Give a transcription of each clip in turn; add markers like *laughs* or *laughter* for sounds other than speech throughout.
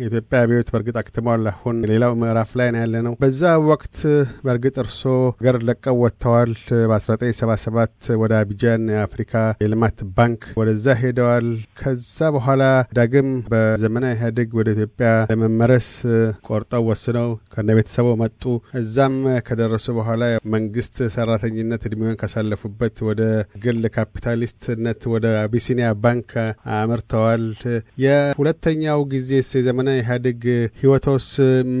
የኢትዮጵያ አብዮት በእርግጥ አክትሟል። አሁን ሌላው ምዕራፍ ላይ ነው ያለ ነው። በዛ ወቅት በእርግጥ እርሶ ገር ለቀው ወጥተዋል። በ1977 ወደ አቢጃን የአፍሪካ የልማት ባንክ ወደዛ ሄደዋል። ከዛ በኋላ ዳግም በዘመናዊ ኢህአዴግ ወደ ኢትዮጵያ ለመመረስ ቆርጠው ወስነው ከነ ቤተሰቡ መጡ። እዛም ከደረሱ በኋላ መንግስት ሰራተኝነት እድሜውን ካሳለፉበት ወደ ግል ካፒታሊስትነት ወደ አቢሲኒያ ባንክ አምርተዋል። የሁለተኛው ጊዜ ዘመ የሆነ ኢህአዴግ ህይወቶስ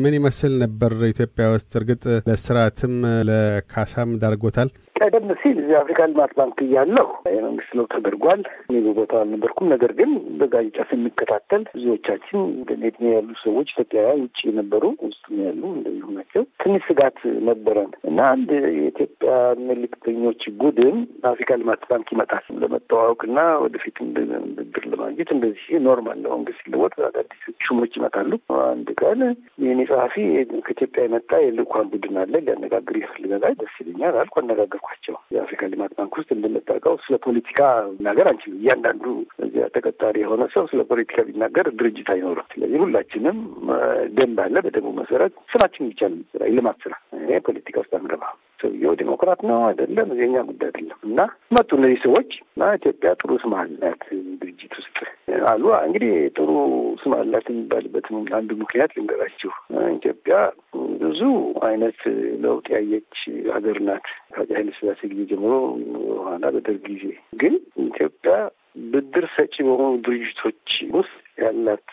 ምን ይመስል ነበር ኢትዮጵያ ውስጥ? እርግጥ ለስርዓትም ለካሳም ዳርጎታል። ቀደም ሲል እዚህ አፍሪካ ልማት ባንክ እያለሁ የመንግስት ለውጥ ተደርጓል። እኔ በቦታው አልነበርኩም። ነገር ግን በጋዜጣ ስንከታተል ብዙዎቻችን በሜድሜ ያሉ ሰዎች ኢትዮጵያውያን ውጭ የነበሩ ውስጥ ያሉ እንደዚሁ ናቸው። ትንሽ ስጋት ነበረን እና አንድ የኢትዮጵያ መልክተኞች ቡድን በአፍሪካ ልማት ባንክ ይመጣል ለመተዋወቅ እና ወደፊት ብድር ለማግኘት እንደዚህ ኖርማል መንግስት ሲለወጥ አዳዲስ ሹሞች ይመጣሉ። አንድ ቀን የኔ ጸሐፊ ከኢትዮጵያ የመጣ የልኳን ቡድን አለ ሊያነጋግር ይፈልጋል። ደስ ይለኛል አልኩ። አነጋገር ያልኳቸው። የአፍሪካ ልማት ባንክ ውስጥ እንደምታውቀው ስለ ፖለቲካ ነገር አንችልም። እያንዳንዱ እዚያ ተቀጣሪ የሆነ ሰው ስለ ፖለቲካ ቢናገር ድርጅት አይኖርም። ስለዚህ ሁላችንም ደንብ አለ። በደንቡ መሰረት ስራችን ብቻ ነው ስራ የልማት ስራ። እኔ ፖለቲካ ውስጥ አንገባም። ሰውየው ዴሞክራት ነው አይደለም፣ የእኛ ጉዳይ አይደለም። እና መጡ እነዚህ ሰዎች እና ኢትዮጵያ ጥሩ ስም አላት አሉ። እንግዲህ ጥሩ ስም አላት የሚባልበትም አንዱ ምክንያት ልንገራችሁ። ኢትዮጵያ ብዙ አይነት ለውጥ ያየች ሀገር ናት። ከአፄ ኃይለ ሥላሴ ጊዜ ጀምሮ በኋላ በደርግ ጊዜ ግን ኢትዮጵያ ብድር ሰጪ በሆኑ ድርጅቶች ውስጥ ያላት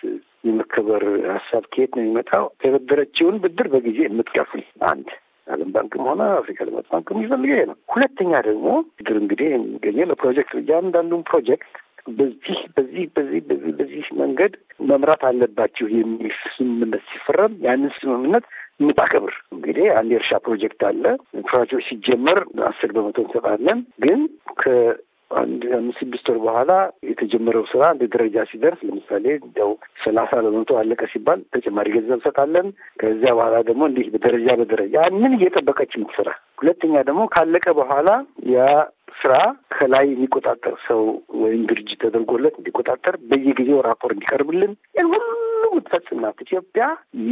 የመከበር ሀሳብ ከየት ነው የሚመጣው? የበደረችውን ብድር በጊዜ የምትከፍል አንድ ዓለም ባንክም ሆነ አፍሪካ ልማት ባንክ የሚፈልገ ነው። ሁለተኛ ደግሞ ብድር እንግዲህ የሚገኘ ለፕሮጀክት እያንዳንዱን ፕሮጀክት በዚህ በዚህ በዚህ በዚህ በዚህ መንገድ መምራት አለባችሁ የሚል ስምምነት ሲፈረም ያንን ስምምነት የምታከብር እንግዲህ አንድ የእርሻ ፕሮጀክት አለ። ፕሮጀክት ሲጀመር አስር በመቶ እንሰጣለን ግን አንድ አምስት ስድስት ወር በኋላ የተጀመረው ስራ አንድ ደረጃ ሲደርስ ለምሳሌ እንደው ሰላሳ በመቶ አለቀ ሲባል ተጨማሪ ገንዘብ እንሰጣለን። ከዚያ በኋላ ደግሞ እንዲህ በደረጃ በደረጃ ያንን እየጠበቀች የምትሰራ ሁለተኛ ደግሞ ካለቀ በኋላ ያ ስራ ከላይ የሚቆጣጠር ሰው ወይም ድርጅት ተደርጎለት እንዲቆጣጠር በየጊዜው ራፖር እንዲቀርብልን ሁሉ የምትፈጽማት ኢትዮጵያ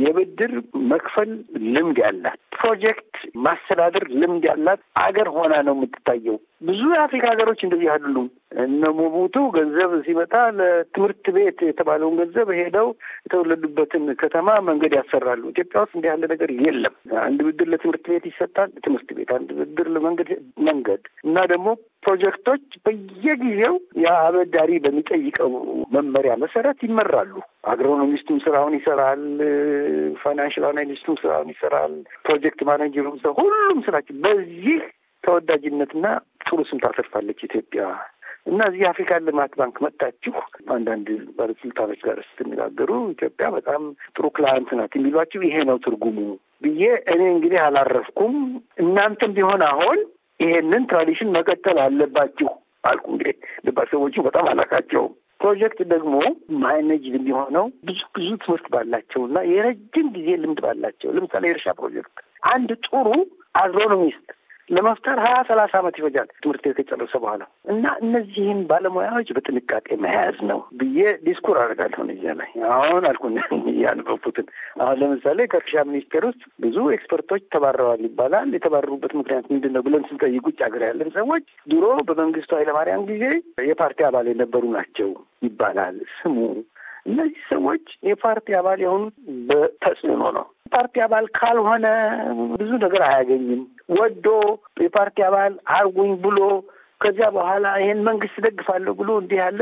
የብድር መክፈል ልምድ ያላት ፕሮጀክት ማስተዳደር ልምድ ያላት አገር ሆና ነው የምትታየው። ብዙ የአፍሪካ ሀገሮች እንደዚህ አይደሉም። እነ ሞቡቱ ገንዘብ ሲመጣ ለትምህርት ቤት የተባለውን ገንዘብ ሄደው የተወለዱበትን ከተማ መንገድ ያሰራሉ። ኢትዮጵያ ውስጥ እንዲህ ያለ ነገር የለም። አንድ ብድር ለትምህርት ቤት ይሰጣል፣ ትምህርት ቤት፣ አንድ ብድር ለመንገድ መንገድ እና ደግሞ ፕሮጀክቶች በየጊዜው የአበዳሪ በሚጠይቀው መመሪያ መሰረት ይመራሉ። አግሮኖሚስቱም ስራውን ይሰራል፣ ፋይናንሽል አናሊስቱም ስራውን ይሰራል፣ ፕሮጀክት ማኔጀሩም ሁሉም ስራቸው በዚህ ተወዳጅነትና ጥሩ ስም ታሰርፋለች ኢትዮጵያ እና እዚህ የአፍሪካ ልማት ባንክ መጥታችሁ አንዳንድ ባለስልጣኖች ጋር ስትነጋገሩ ኢትዮጵያ በጣም ጥሩ ክላይንት ናት የሚሏችሁ ይሄ ነው ትርጉሙ ብዬ እኔ እንግዲህ አላረፍኩም። እናንተም ቢሆን አሁን ይሄንን ትራዲሽን መቀጠል አለባችሁ አልኩ። እንግዲህ ልባ ሰዎቹ በጣም አላቃቸውም። ፕሮጀክት ደግሞ ማኔጅ የሚሆነው ብዙ ብዙ ትምህርት ባላቸው እና የረጅም ጊዜ ልምድ ባላቸው ለምሳሌ የእርሻ ፕሮጀክት አንድ ጥሩ አግሮኖሚስት ለመፍጠር ሀያ ሰላሳ ዓመት ይፈጃል ትምህርት ቤት ከጨረሰ በኋላ እና እነዚህን ባለሙያዎች በጥንቃቄ መያዝ ነው ብዬ ዲስኩር አደርጋለሁ እዚያ ላይ አሁን አልኩ *laughs* ያነበቡትን አሁን ለምሳሌ ከእርሻ ሚኒስቴር ውስጥ ብዙ ኤክስፐርቶች ተባረዋል ይባላል። የተባረሩበት ምክንያት ምንድን ነው ብለን ስንጠይቅ ውጭ ሀገር ያለን ሰዎች ድሮ በመንግስቱ ኃይለማርያም ጊዜ የፓርቲ አባል የነበሩ ናቸው ይባላል። ስሙ እነዚህ ሰዎች የፓርቲ አባል የሆኑት በተጽዕኖ ነው። ፓርቲ አባል ካልሆነ ብዙ ነገር አያገኝም። ወዶ የፓርቲ አባል አርጉኝ ብሎ ከዚያ በኋላ ይሄን መንግስት ደግፋለሁ ብሎ እንዲህ ያለ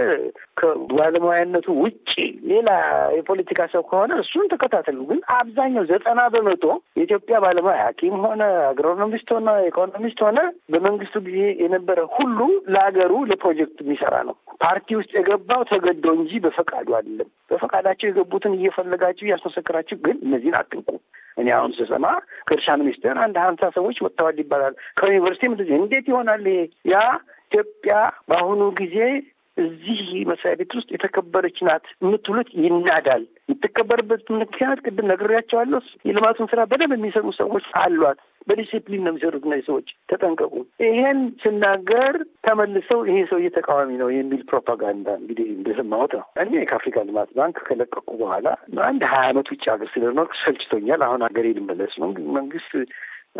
ከባለሙያነቱ ውጭ ሌላ የፖለቲካ ሰው ከሆነ እሱን ተከታተሉ። ግን አብዛኛው ዘጠና በመቶ የኢትዮጵያ ባለሙያ ሐኪም ሆነ አግሮኖሚስት ሆነ ኢኮኖሚስት ሆነ በመንግስቱ ጊዜ የነበረ ሁሉ ለሀገሩ ለፕሮጀክት የሚሰራ ነው። ፓርቲ ውስጥ የገባው ተገዶ እንጂ በፈቃዱ አይደለም። በፈቃዳቸው የገቡትን እየፈለጋችሁ እያስመሰከራችሁ፣ ግን እነዚህን አትንቁ። እኔ አሁን ስሰማ ከእርሻ ሚኒስቴር አንድ ሀምሳ ሰዎች ወጥተዋል ይባላል። ከዩኒቨርሲቲ እንደዚህ እንዴት ይሆናል? ያ ኢትዮጵያ በአሁኑ ጊዜ እዚህ መስሪያ ቤት ውስጥ የተከበረች ናት የምትሉት ይናዳል። የምትከበርበት ምክንያት ቅድም ነግሬያቸዋለሁ። የልማቱን ስራ በደንብ የሚሰሩ ሰዎች አሏት። በዲሲፕሊን ነው የሚሰሩት እነዚህ ሰዎች። ተጠንቀቁ። ይሄን ስናገር ተመልሰው ይሄ ሰውዬ ተቃዋሚ ነው የሚል ፕሮፓጋንዳ እንግዲህ እንደሰማሁት ነው። እኔ ከአፍሪካ ልማት ባንክ ከለቀቁ በኋላ አንድ ሀያ ዓመት ውጭ ሀገር ስለኖር ሰልችቶኛል። አሁን ሀገሬ ልመለስ ነው። መንግስት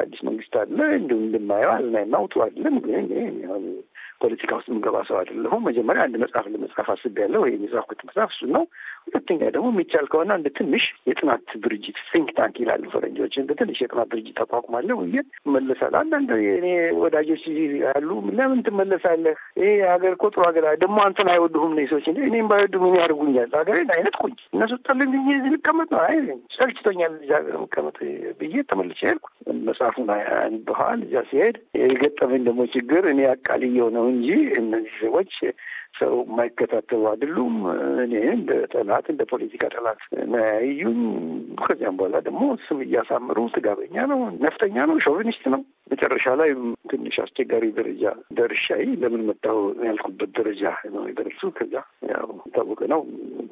አዲስ መንግስት አለ እንዲሁም እንደማየው አልና እናውጡ አለ ፖለቲካ ውስጥ የምገባ ሰው አይደለሁም። መጀመሪያ አንድ መጽሐፍ ለመጽሐፍ አስቤያለሁ። ይህ የጻፍኩት መጽሐፍ እሱ ነው። ሁለተኛ ደግሞ የሚቻል ከሆነ አንድ ትንሽ የጥናት ድርጅት ሲንክ ታንክ ይላሉ ፈረንጆች፣ እንደ ትንሽ የጥናት ድርጅት ተቋቁማለሁ ብዬ እመለሳለሁ። አንዳንድ እኔ ወዳጆች ያሉ ለምን ትመለሳለህ? ይሄ ሀገር እኮ ጥሩ ሀገር ደግሞ አንተን አይወድሁም ነ ሰዎች። እንደ እኔም ባይወዱ ምን ያደርጉኛል? ሀገሬን አይነጥቁኝ እነሱ ጠልኝ ብዬ እዚህ ልቀመጥ ነው። አይ ሰልችቶኛል እዚህ ሀገር መቀመጥ ብዬ ተመልሼ ሄድኩ። መጽሐፉን አንብሃል እዚያ ሲሄድ የገጠመኝ ደግሞ ችግር እኔ አቃልየው ነው እንጂ እነዚህ ሰዎች ሰው የማይከታተሉ አይደሉም። እኔ እንደ ጠላት እንደ ፖለቲካ ጠላት ናያዩኝ። ከዚያም በኋላ ደግሞ ስም እያሳምሩ ጥጋበኛ ነው፣ ነፍጠኛ ነው፣ ሾቪኒስት ነው። መጨረሻ ላይ ትንሽ አስቸጋሪ ደረጃ ደርሻይ ለምን መጣው ያልኩበት ደረጃ ነው የደረሱ። ከዚያ ያው የታወቀ ነው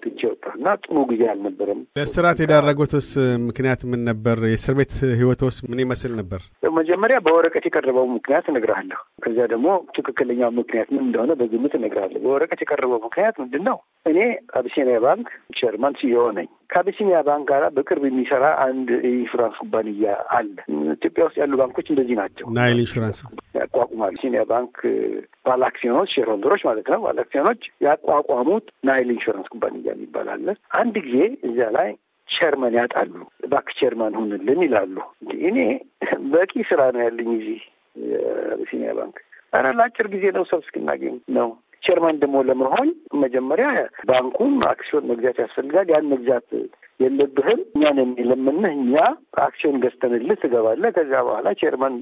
ትቼ ወጣና ጥሩ ጊዜ አልነበረም። ለስርዓት የዳረጉትስ ምክንያት ምን ነበር? የእስር ቤት ህይወትስ ምን ይመስል ነበር? መጀመሪያ በወረቀት የቀረበው ምክንያት እነግርሃለሁ። ከዚያ ደግሞ ትክክለኛው ምክንያት ምን እንደሆነ በግምት እነግርሃለሁ። ወረቀት የቀረበው ምክንያት ምንድን ነው? እኔ አቢሲኒያ ባንክ ቸርማን ሲዮ ነኝ። ከአቢሲኒያ ባንክ ጋር በቅርብ የሚሰራ አንድ ኢንሹራንስ ኩባንያ አለ። ኢትዮጵያ ውስጥ ያሉ ባንኮች እንደዚህ ናቸው። ናይል ኢንሹራንስ ያቋቁም አቢሲኒያ ባንክ ባለ አክሲዮኖች ማለት ነው። ባለ ያቋቋሙት ናይል ኢንሹራንስ ኩባንያ የሚባል አለ። አንድ ጊዜ እዚያ ላይ ቸርመን ያጣሉ። ባክ ቸርመን ሁንልን ይላሉ። እኔ በቂ ስራ ነው ያለኝ እዚህ አቢሲኒያ ባንክ አረ ለአጭር ጊዜ ነው ሰው እስክናገኝ ነው ቼርማን ደግሞ ለመሆን መጀመሪያ ባንኩም አክሲዮን መግዛት ያስፈልጋል። ያን መግዛት የለብህም እኛን የሚለምንህ እኛ አክሲዮን ገዝተንልህ ትገባለህ። ከዚያ በኋላ ቼርማን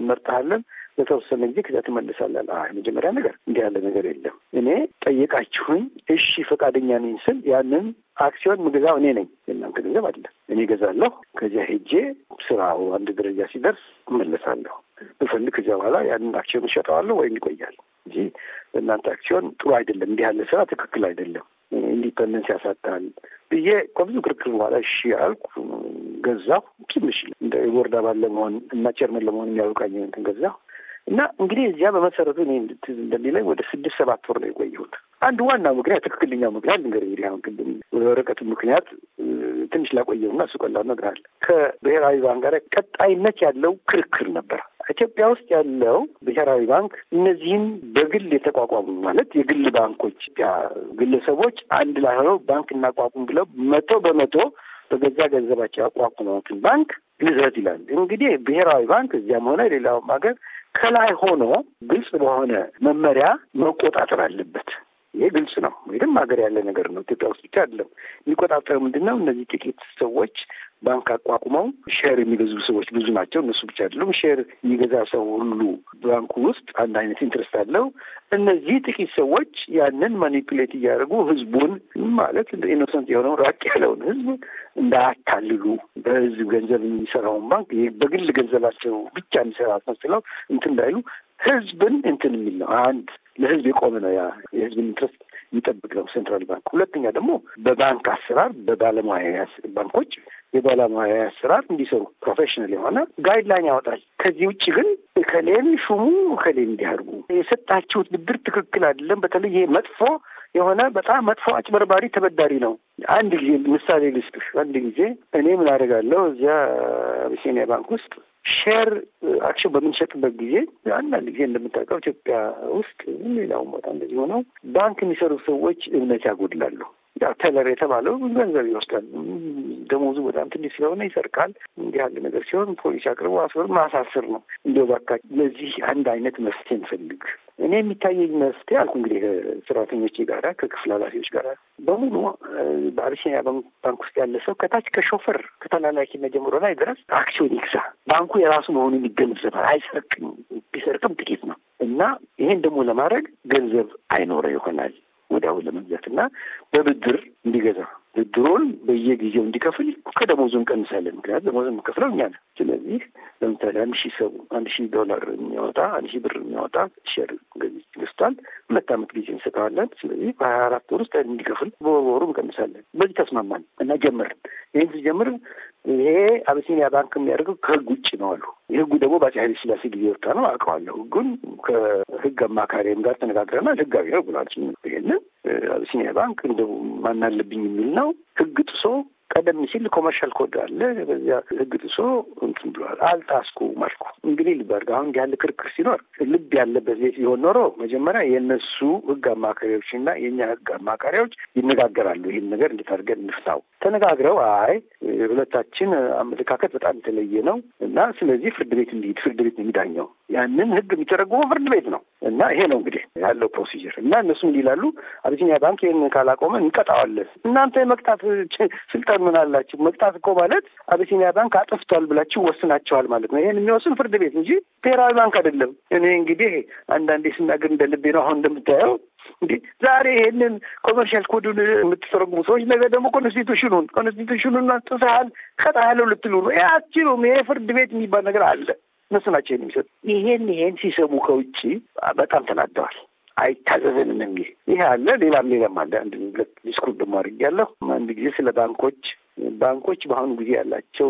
እንመርጥሃለን ለተወሰነ ጊዜ ከዛ ትመልሳለን። አይ መጀመሪያ ነገር እንዲህ ያለ ነገር የለም። እኔ ጠየቃችሁኝ፣ እሺ ፈቃደኛ ነኝ ስል ያንን አክሲዮን ምገዛው እኔ ነኝ፣ የእናንተ ገንዘብ አይደለም። እኔ ገዛለሁ። ከዚያ ሄጄ ስራው አንድ ደረጃ ሲደርስ እመለሳለሁ። ብፈልግ ከዚያ በኋላ ያንን አክሲዮን እሸጠዋለሁ ወይም ይቆያል እንጂ በእናንተ አክሲዮን ጥሩ አይደለም፣ እንዲህ ያለ ስራ ትክክል አይደለም፣ ኢንዲፐንደንስ ያሳጣል ብዬ ከብዙ ክርክር በኋላ እሺ አልኩ። ገዛሁ። ትንሽ እንደ ቦርድ አባል ለመሆን እና ቸርመን ለመሆን የሚያውቃኝ እንትን ገዛሁ እና እንግዲህ እዚያ በመሰረቱ እኔ እንደሚለኝ ወደ ስድስት ሰባት ወር ነው የቆየሁት። አንድ ዋና ምክንያት ትክክለኛው ምክንያት ንገር እንግዲህ አሁን ግን ወረቀቱ ምክንያት ትንሽ ላቆየሁና እሱ ቀላል እነግርሃለሁ። ከብሔራዊ ባንክ ጋር ቀጣይነት ያለው ክርክር ነበር። ኢትዮጵያ ውስጥ ያለው ብሔራዊ ባንክ እነዚህም በግል የተቋቋሙ ማለት የግል ባንኮች ግለሰቦች አንድ ላይ ሆነው ባንክ እናቋቁም ብለው መቶ በመቶ በገዛ ገንዘባቸው ያቋቁመትን ባንክ ልዘት ይላል። እንግዲህ ብሔራዊ ባንክ እዚያም ሆነ ሌላውም ሀገር ከላይ ሆኖ ግልጽ በሆነ መመሪያ መቆጣጠር አለበት። ይሄ ግልጽ ነው። ወይም ሀገር ያለ ነገር ነው። ኢትዮጵያ ውስጥ ብቻ አይደለም። የሚቆጣጠር። ምንድን ነው? እነዚህ ጥቂት ሰዎች ባንክ አቋቁመው ሼር የሚገዙ ሰዎች ብዙ ናቸው። እነሱ ብቻ አይደሉም። ሼር የሚገዛ ሰው ሁሉ ባንኩ ውስጥ አንድ አይነት ኢንትረስት አለው። እነዚህ ጥቂት ሰዎች ያንን ማኒፕሌት እያደረጉ ህዝቡን ማለት ኢኖሰንት የሆነው ራቅ ያለውን ህዝብ እንዳያታልሉ በህዝብ ገንዘብ የሚሰራውን ባንክ በግል ገንዘባቸው ብቻ የሚሰራ መስለው እንትን እንዳይሉ ህዝብን እንትን የሚል ነው። አንድ ለህዝብ የቆመ ነው። ያ የህዝብን ኢንትረስት የሚጠብቅ ነው ሴንትራል ባንክ። ሁለተኛ ደግሞ በባንክ አሰራር በባለሙያ ባንኮች የባለሙያ ስራ እንዲሰሩ ፕሮፌሽናል የሆነ ጋይድላይን ያወጣል። ከዚህ ውጭ ግን እከሌን ሹሙ፣ እከሌን እንዲያርጉ፣ የሰጣችሁት ብድር ትክክል አይደለም፣ በተለይ ይሄ መጥፎ የሆነ በጣም መጥፎ አጭበርባሪ ተበዳሪ ነው። አንድ ጊዜ ምሳሌ ልስጥሽ። አንድ ጊዜ እኔ ምን አደርጋለሁ እዚያ አቢሲኒያ ባንክ ውስጥ ሼር አክሽን በምንሸጥበት ጊዜ አንዳንድ ጊዜ እንደምታውቀው ኢትዮጵያ ውስጥ ሌላውም ቦታ እንደዚህ ሆነው ባንክ የሚሰሩ ሰዎች እምነት ያጎድላሉ። ያ ቴለር የተባለው ገንዘብ ይወስዳል። ደሞዙ በጣም ትንሽ ስለሆነ ይሰርቃል። እንዲህ ያለ ነገር ሲሆን ፖሊስ አቅርቦ አስበር ማሳስር ነው። እንዲያው እባክህ ለዚህ አንድ አይነት መፍትሄ እንፈልግ። እኔ የሚታየኝ መፍትሄ አልኩ እንግዲህ ከሰራተኞቼ ጋራ ከክፍል ኃላፊዎች ጋራ በሙሉ በአቢሲኒያ ባንክ ውስጥ ያለ ሰው ከታች ከሾፈር ከተላላኪነት ጀምሮ ላይ ድረስ አክሲዮን ይግዛ። ባንኩ የራሱ መሆኑን ይገንዘባል። አይሰርቅም፣ ቢሰርቅም ጥቂት ነው እና ይሄን ደግሞ ለማድረግ ገንዘብ አይኖረ ይሆናል ወዲያውን ለመግዛት እና በብድር እንዲገዛ ብድሩን በየጊዜው እንዲከፍል ከደሞዙ እንቀንሳለን። ምክንያት ደሞዙ የምከፍለው እኛ ነን። ስለዚህ ለምሳሌ አንድ ሺህ ሰው አንድ ሺህ ዶላር የሚያወጣ አንድ ሺህ ብር የሚያወጣ ሸር ገዝቷል። ሁለት ዓመት ጊዜ እንሰጠዋለን። ስለዚህ በሀያ አራት ወር ውስጥ እንዲከፍል በወሩ እንቀንሳለን። በዚህ ተስማማን እና ጀመርን። ይህን ስጀምር ይሄ አብሲኒያ ባንክ የሚያደርገው ከህግ ውጭ ነው አሉ። ህጉ ደግሞ በአፄ ኃይለ ሥላሴ ጊዜ ወጣ ነው አውቀዋለሁ። ህጉን ከህግ አማካሪም ጋር ተነጋግረናል። ህጋዊ ነው ብሏል። ይህንን አቢሲኒያ ባንክ እንደ ማን አለብኝ የሚል ነው። ህግ ጥሶ ቀደም ሲል ኮመርሻል ኮድ አለ። በዚያ ህግ ጥሶ እንትን ብለዋል። አልታስኩም አልኩ እንግዲህ ልብ አድርገህ አሁን ያለ ክርክር ሲኖር ልብ ያለበት ቤት ቢሆን ኖሮ መጀመሪያ የእነሱ ህግ አማካሪዎች እና የእኛ ህግ አማካሪዎች ይነጋገራሉ። ይህን ነገር እንዴት አድርገን እንፍታው ተነጋግረው፣ አይ ሁለታችን አመለካከት በጣም የተለየ ነው እና ስለዚህ ፍርድ ቤት እንሂድ፣ ፍርድ ቤት ነው የሚዳኘው ያንን ህግ የሚተረጉመው ፍርድ ቤት ነው እና ይሄ ነው እንግዲህ ያለው ፕሮሲጀር እና እነሱም ይላሉ አቢሲኒያ ባንክ ይህንን ካላቆመ እንቀጣዋለን። እናንተ የመቅጣት ስልጣን ምን አላችሁ? መቅጣት እኮ ማለት አቢሲኒያ ባንክ አጥፍቷል ብላችሁ ወስናቸዋል ማለት ነው። ይህን የሚወስን ፍርድ ቤት እንጂ ብሔራዊ ባንክ አይደለም። እኔ እንግዲህ አንዳንዴ ስናገር እንደ ልቤ ነው። አሁን እንደምታየው እንዴ ዛሬ ይህንን ኮመርሻል ኮዱን የምትተረጉሙ ሰዎች ነገ ደግሞ ኮንስቲቱሽኑን ኮንስቲቱሽኑን ጥሰሃል፣ ቀጣሃለው ልትሉ ነው። ይህ ይሄ ፍርድ ቤት የሚባል ነገር አለ። መስላቸውን የሚሰጡ። ይሄን ይሄን ሲሰሙ ከውጭ በጣም ተናደዋል። አይታዘዘንም የሚል ይህ አለ። ሌላም ሌላም አለ። አንድ ሁለት ዲስኩር ደሞ አድርጌያለሁ። አንድ ጊዜ ስለ ባንኮች ባንኮች በአሁኑ ጊዜ ያላቸው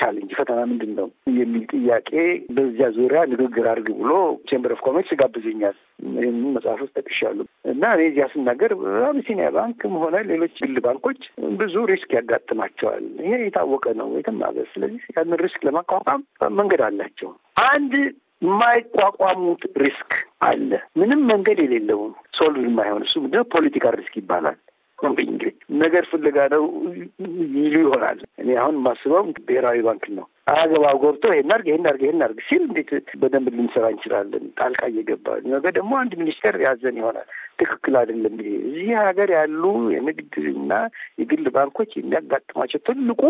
ቻሌንጅ ፈተና ምንድን ነው የሚል ጥያቄ በዚያ ዙሪያ ንግግር አድርግ ብሎ ቼምበር ኦፍ ኮሜርስ ጋብዞኛል። ይህም መጽሐፍ ውስጥ ጠቅሻለሁ እና እኔ እዚያ ስናገር አቢሲኒያ ባንክም ሆነ ሌሎች ግል ባንኮች ብዙ ሪስክ ያጋጥማቸዋል። ይሄ የታወቀ ነው የተማበ። ስለዚህ ያንን ሪስክ ለማቋቋም መንገድ አላቸው። አንድ የማይቋቋሙት ሪስክ አለ፣ ምንም መንገድ የሌለውን ሶልቭ የማይሆን እሱ ምንድነው? ፖለቲካል ሪስክ ይባላል። እንግዲህ ነገር ፍለጋ ነው ይሉ ይሆናል። እኔ አሁን ማስበው ብሔራዊ ባንክን ነው። አገባ ጎብቶ ይሄን አድርግ ይሄን አድርግ ይሄን አድርግ ሲል እንዴት በደንብ ልንሰራ እንችላለን? ጣልቃ እየገባ ነገ ደግሞ አንድ ሚኒስቴር ያዘን ይሆናል። ትክክል አይደለም። ይሄ እዚህ ሀገር ያሉ የንግድና የግል ባንኮች የሚያጋጥማቸው ትልቁ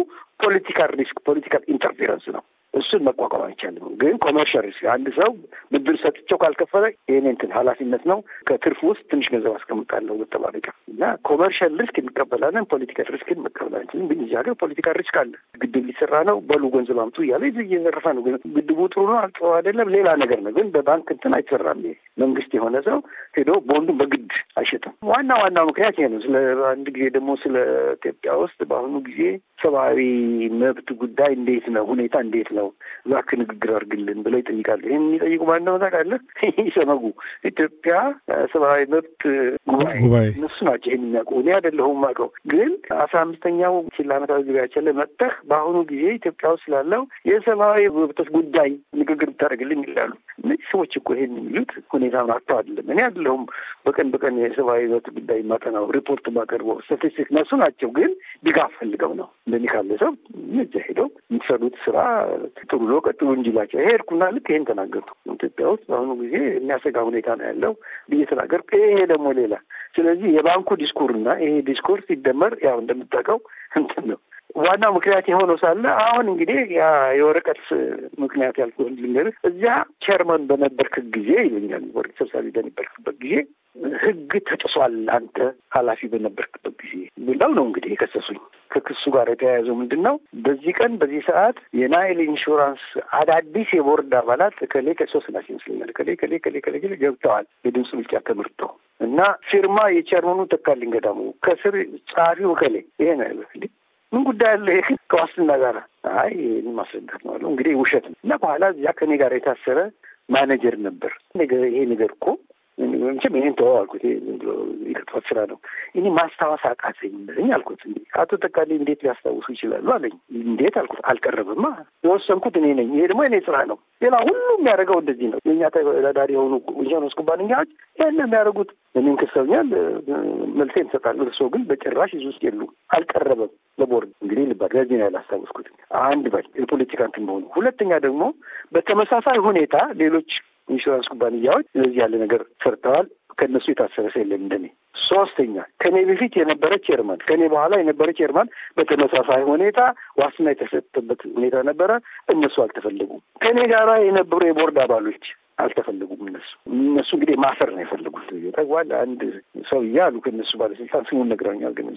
ፖለቲካል ሪስክ ፖለቲካል ኢንተርፌረንስ ነው። እሱን መቋቋም አይቻልም። ግን ኮመርሻል ሪስክ አንድ ሰው ብድር ሰጥቼው ካልከፈለ ይህን እንትን ኃላፊነት ነው ከትርፍ ውስጥ ትንሽ ገንዘብ አስቀምጣለሁ መጠባበቂያ እና ኮመርሻል ሪስክ እንቀበላለን፣ ፖለቲካል ሪስክን መቀበል አንችልም። ግን እዚህ ሀገር ፖለቲካል ሪስክ አለ። ግድብ ሊሰራ ነው፣ በሉ ገንዘብ አምጡ እያለ እየዘረፈ ነው። ግድቡ ጥሩ ነው አልጥሩ አይደለም ሌላ ነገር ነው። ግን በባንክ እንትን አይሰራም። መንግስት የሆነ ሰው ሄዶ ቦንዱን በግድ አይሸጥም። ዋና ዋናው ምክንያት ይሄ ነው። ስለ አንድ ጊዜ ደግሞ ስለ ኢትዮጵያ ውስጥ በአሁኑ ጊዜ ሰብአዊ መብት ጉዳይ እንዴት ነው ሁኔታ እንዴት ነው ነው እባክህ ንግግር አድርግልን ብለው ይጠይቃሉ። ይህን የሚጠይቁ ማን ነው ታውቃለህ? ሰመጉ ኢትዮጵያ ሰብአዊ መብት ጉባኤ እነሱ ናቸው ይህን የሚያውቁ እኔ አይደለሁም የማውቀው። ግን አስራ አምስተኛው ሲል አመታዊ ጉባኤያችን ላይ መጥተህ በአሁኑ ጊዜ ኢትዮጵያ ውስጥ ስላለው የሰብአዊ መብቶች ጉዳይ ንግግር ብታደርግልን ይላሉ። እነዚህ ሰዎች እኮ ይሄን የሚሉት ሁኔታ አጥተው አይደለም። እኔ አይደለሁም በቀን በቀን የሰብአዊ መብት ጉዳይ ማጠናው ሪፖርት ማቀርበው ስታቲስቲክ ነሱ ናቸው። ግን ድጋፍ ፈልገው ነው እንደዚህ ካለ ሰው እጃ ሄደው የምትሰሩት ስራ ጥሩ ነው ቀጥሉ እንጂላቸው ላቸው ሄድኩና ልክ ይሄን ተናገርኩ። ኢትዮጵያ ውስጥ በአሁኑ ጊዜ የሚያሰጋ ሁኔታ ነው ያለው ብዬ ተናገርኩ። ይሄ ደግሞ ሌላ ስለዚህ የባንኩ እና ይሄ ዲስኩር ሲደመር ያው እንደምታውቀው እንትን ነው ዋናው ምክንያት የሆነው ሳለ አሁን እንግዲህ ያ የወረቀት ምክንያት ያልኩህን ልንገርህ። እዚያ ቸርመን በነበርክ ጊዜ ይለኛል፣ ወረቅ ሰብሳቢ በነበርክበት ጊዜ ህግ ተጥሷል፣ አንተ ኃላፊ በነበርክበት ጊዜ ብለው ነው እንግዲህ የከሰሱኝ። ከክሱ ጋር የተያያዘው ምንድን ነው? በዚህ ቀን በዚህ ሰዓት የናይል ኢንሹራንስ አዳዲስ የቦርድ አባላት ከሌ ከሶ ስላሴ ይመስለኛል ከሌ ከሌ ከሌ ከሌ ከሌ ገብተዋል የድምፅ ብልጫ ተመርጠው እና ፊርማ የቸርመኑ ተካልኝ ገዳሙ ከስር ጸሐፊው ከሌ ይሄ ነው ያለ እንዲህ ምን ጉዳይ አለ ይህ ከዋስትና ጋር? አይ ይህን ማስረዳት ነው አለው። እንግዲህ ውሸት ነው እና በኋላ እዚያ ከኔ ጋር የታሰረ ማኔጀር ነበር። ይሄ ነገር እኮ መቼም ይህን ተወው አልኩት። የክትፈት ስራ ነው። እኔ ማስታወስ አቃተኝ ብለኝ አልኩት። አቶ ጠቃሌ እንዴት ሊያስታውሱ ይችላሉ አለኝ። እንዴት አልኩት። አልቀረብማ የወሰንኩት እኔ ነኝ። ይሄ ደግሞ እኔ ስራ ነው። ሌላ ሁሉ የሚያደርገው እንደዚህ ነው። የእኛ ተወዳዳሪ የሆኑ ኢንሹራንስ ኩባንያዎች ይህን ነው የሚያደርጉት። እኔን ክሰውኛል፣ መልሴን እሰጣለሁ። እርስዎ ግን በጭራሽ እዚህ ውስጥ የሉም። አልቀረበም ለቦርድ እንግዲህ ልባል ለዚህ ነው ያላስታወስኩት። አንድ ባል የፖለቲካ እንትን መሆኑ፣ ሁለተኛ ደግሞ በተመሳሳይ ሁኔታ ሌሎች ኢንሹራንስ ኩባንያዎች ስለዚህ ያለ ነገር ሰርተዋል። ከእነሱ የታሰረ ሰው የለም እንደኔ። ሶስተኛ ከኔ በፊት የነበረ ቼርማን፣ ከኔ በኋላ የነበረ ቼርማን በተመሳሳይ ሁኔታ ዋስትና የተሰጠበት ሁኔታ ነበረ። እነሱ አልተፈለጉም። ከኔ ጋራ የነበሩ የቦርድ አባሎች አልተፈለጉም። እነሱ እነሱ እንግዲህ ማፈር ነው የፈለጉት። ጠቅዋል አንድ ሰው እያሉ ከእነሱ ባለስልጣን ስሙን ነግረኛል፣ ግን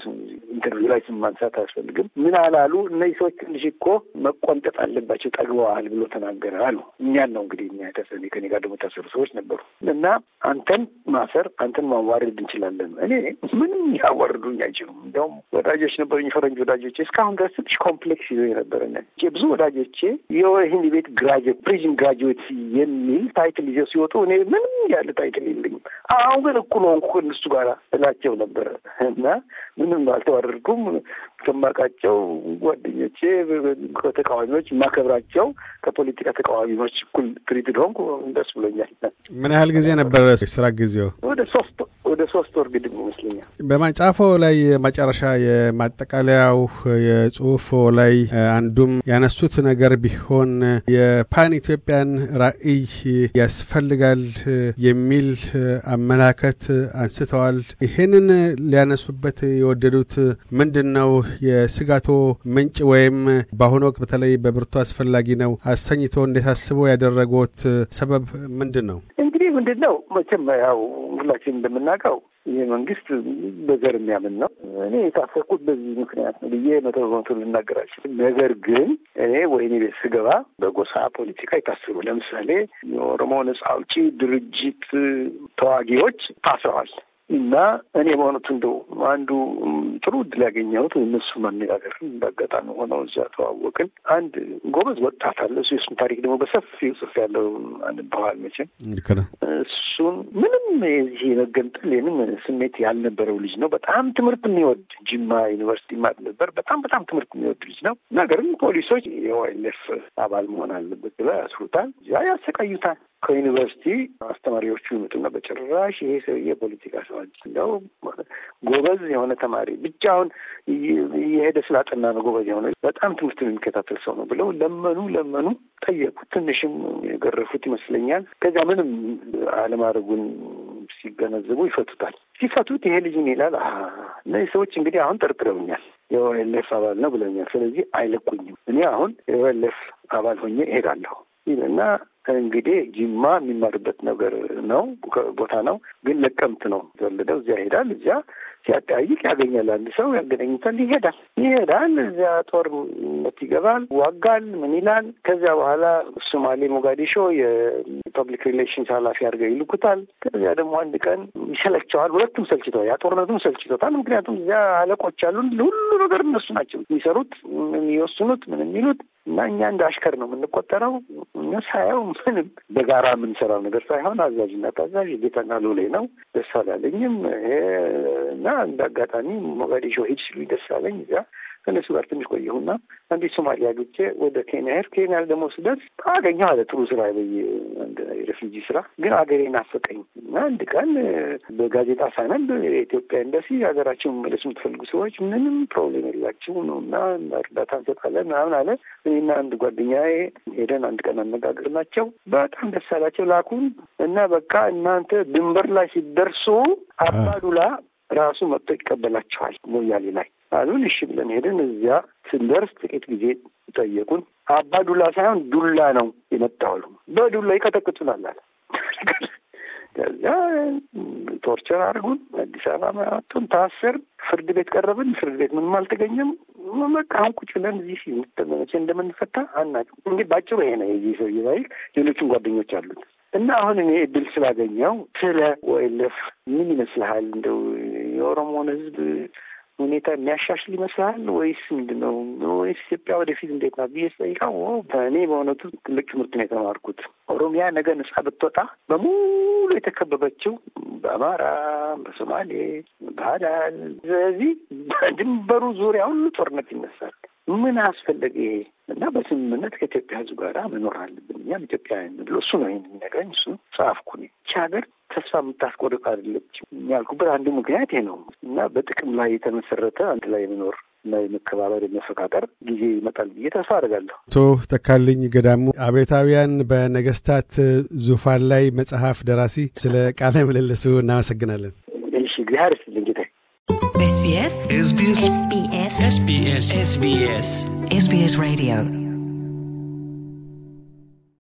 ኢንተርቪው ላይ ስም ማንሳት አያስፈልግም። ምን አላሉ እነዚህ ሰዎች ትንሽ እኮ መቆንጠጥ አለባቸው ጠግበዋል ብሎ ተናገረ አሉ። እኛን ነው እንግዲህ እኛ የታሰሩ ከኔ ጋር ደግሞ የታሰሩ ሰዎች ነበሩ እና አንተን ማፈር አንተን ማዋረድ እንችላለን። እኔ ምንም ያዋርዱኝ አይችሉም። እንዲያውም ወዳጆች ነበሩኝ ፈረንጅ ወዳጆች እስካሁን ድረስ ትንሽ ኮምፕሌክስ ይዞ የነበረ ብዙ ወዳጆቼ ይህን ቤት ግራጅዌት ፕሪዝን ግራጅዌት የሚል ታይ ታይትል ይዤ ሲወጡ እኔ ምንም ያለ ታይትል የለኝም። አሁን ግን እኩል ሆንኩ እነሱ ጋር እላቸው ነበረ እና ምንም አልተዋረድኩም። ከማውቃቸው ጓደኞቼ ከተቃዋሚዎች ማከብራቸው ከፖለቲካ ተቃዋሚዎች እኩል ትሪትድ ሆንኩ። ደስ ብሎኛል። ምን ያህል ጊዜ ነበረ ስራ ጊዜው? ወደ ሶስት ወደ ሶስት ወር ግድም ይመስለኛል። በመጽሐፎ ላይ መጨረሻ የማጠቃለያው የጽሁፎ ላይ አንዱም ያነሱት ነገር ቢሆን የፓን ኢትዮጵያን ራዕይ ያስፈልጋል የሚል አመላከት አንስተዋል። ይህንን ሊያነሱበት የወደዱት ምንድን ነው? የስጋቶ ምንጭ ወይም በአሁኑ ወቅት በተለይ በብርቱ አስፈላጊ ነው አሰኝቶ እንዲታስቦ ያደረጉት ሰበብ ምንድን ነው? እንግዲህ ምንድን ነው መቼም ያው ሁላችን እንደምና የምናውቀው ይህ መንግስት በዘር የሚያምን ነው። እኔ የታሰርኩት በዚህ ምክንያት ነው ብዬ መቶ በመቶ ልናገራቸው። ነገር ግን እኔ ወህኒ ቤት ስገባ በጎሳ ፖለቲካ የታሰሩ ለምሳሌ የኦሮሞ ነጻ አውጪ ድርጅት ተዋጊዎች ታስረዋል። እና እኔ በእውነቱ እንደው አንዱ ጥሩ እድል ያገኘሁት እነሱ መነጋገር እንዳጋጣሚ ሆነው እዚያ ተዋወቅን። አንድ ጎበዝ ወጣት አለ። እሱ የሱን ታሪክ ደግሞ በሰፊው ጽፍ ያለው አንባዋል። መቼም እሱን ምንም የዚህ መገንጠል የምን ስሜት ያልነበረው ልጅ ነው። በጣም ትምህርት የሚወድ ጅማ ዩኒቨርሲቲ ማጥ ነበር። በጣም በጣም ትምህርት የሚወድ ልጅ ነው። ነገርም ፖሊሶች የዋይለፍ አባል መሆን አለበት ብለው ያስሩታል፣ ያሰቃዩታል። ከዩኒቨርሲቲ አስተማሪዎቹ ይመጡና በጭራሽ ይሄ ሰውዬ ፖለቲካ ሰዋጅ እንደው ጎበዝ የሆነ ተማሪ ብቻ አሁን የሄደ ስላጠና ነው ጎበዝ የሆነ በጣም ትምህርት የሚከታተል ሰው ነው ብለው ለመኑ ለመኑ ጠየቁ። ትንሽም የገረፉት ይመስለኛል። ከዚያ ምንም አለማድረጉን ሲገነዘቡ ይፈቱታል። ሲፈቱት ይሄ ልጅን ይላል እነዚህ ሰዎች እንግዲህ አሁን ጠርጥረውኛል፣ የኦኤልኤፍ አባል ነው ብለኛል። ስለዚህ አይለቁኝም፣ እኔ አሁን የኦኤልኤፍ አባል ሆኜ እሄዳለሁ ይልና እንግዲህ ጅማ የሚማርበት ነገር ነው ቦታ ነው፣ ግን ለቀምት ነው የተወለደው። እዚያ ይሄዳል። እዚያ ሲያጠያይቅ ያገኛል። አንድ ሰው ያገናኝታል። ይሄዳል ይሄዳል። እዚያ ጦርነት ይገባል፣ ይዋጋል፣ ምን ይላል። ከዚያ በኋላ ሶማሌ ሞጋዲሾ የፐብሊክ ሪሌሽንስ ኃላፊ አድርገው ይልኩታል። ከዚያ ደግሞ አንድ ቀን ይሰለቸዋል። ሁለቱም ሰልችቶ ያ ጦርነቱም ሰልችቶታል። ምክንያቱም እዚያ አለቆች አሉ፣ ሁሉ ነገር እነሱ ናቸው የሚሰሩት፣ የሚወስኑት፣ ምን የሚሉት እና እኛ እንደ አሽከር ነው የምንቆጠረው። ሳያው ምንም በጋራ የምንሰራው ነገር ሳይሆን አዛዥና ታዛዥ ጌታና ሎሌ ነው። ደስ አላለኝም እና እንደ አጋጣሚ ሞቃዲሾ ሂድ ሲሉኝ ደስ አለኝ እዚያ ከነሱ ጋር ትንሽ ቆየሁና እንዲህ ሶማሊያ ገብቼ ወደ ኬንያ ሄድ ኬንያ ደግሞ ስደርስ አገኘሁ አለ ጥሩ ስራ በየ የሬፊጂ ስራ ግን አገሬ ናፈቀኝ እና አንድ ቀን በጋዜጣ ሳነብ የኢትዮጵያ ኤምባሲ ሀገራቸውን መለሱ የምትፈልጉ ሰዎች ምንም ፕሮብሌም የላቸው ነው እና እርዳታ እንሰጣለን ምናምን አለ። እኔና አንድ ጓደኛዬ ሄደን አንድ ቀን አነጋገር ናቸው። በጣም ደስ አላቸው ላኩን እና በቃ እናንተ ድንበር ላይ ሲደርሱ አባዱላ ራሱ መጥቶ ይቀበላቸዋል ሞያሌ ላይ አሉን። እሺ ብለን ሄደን እዚያ ስንደርስ ጥቂት ጊዜ ጠየቁን። አባ ዱላ ሳይሆን ዱላ ነው የመጣው አሉ። በዱላ ይቀጠቅጡናል አለ። ከዚያ ቶርቸር አድርጉን። አዲስ አበባ መጡን፣ ታሰር። ፍርድ ቤት ቀረብን። ፍርድ ቤት ምንም አልተገኘም። በቃ አሁን ቁጭ ብለን እዚህ መቼ እንደምንፈታ አናውቅም። እንግዲህ ባጭሩ ይሄ ነው የዚህ ሰው ይባይል። ሌሎችም ጓደኞች አሉት እና አሁን እኔ እድል ስላገኘው ስለ ወይለፍ ምን ይመስልሃል እንደው የኦሮሞን ህዝብ ሁኔታ የሚያሻሽል ይመስላል ወይስ ምንድን ነው? ወይስ ኢትዮጵያ ወደፊት እንዴት ናት ብዬ ስጠይቀው እኔ በእውነቱ ትልቅ ትምህርት ነው የተማርኩት። ኦሮሚያ ነገ ነጻ ብትወጣ በሙሉ የተከበበችው በአማራ፣ በሶማሌ፣ በሀዳል ስለዚህ በድንበሩ ዙሪያ ሁሉ ጦርነት ይነሳል። ምን አስፈለገ ይሄ? እና በስምምነት ከኢትዮጵያ ሕዝብ ጋር መኖር አለብን እኛም ኢትዮጵያውያን ብሎ እሱ ነው ይህን የሚነግረኝ። እሱ ጻፍኩኝ። ይህች ሀገር ተስፋ የምታስቆርጥ አይደለችም ያልኩበት አንዱ ምክንያት ይሄ ነው እና በጥቅም ላይ የተመሰረተ አንድ ላይ መኖር እና የመከባበር የመፈቃቀር ጊዜ ይመጣል ብዬ ተስፋ አደርጋለሁ። አቶ ተካልኝ ገዳሙ አቤታውያን በነገስታት ዙፋን ላይ መጽሐፍ ደራሲ፣ ስለ ቃለ ምልልሱ እናመሰግናለን። እሺ እግዚአብሔር ይስጥልኝ። SBS SBS SBS SBS SBS SBS Radio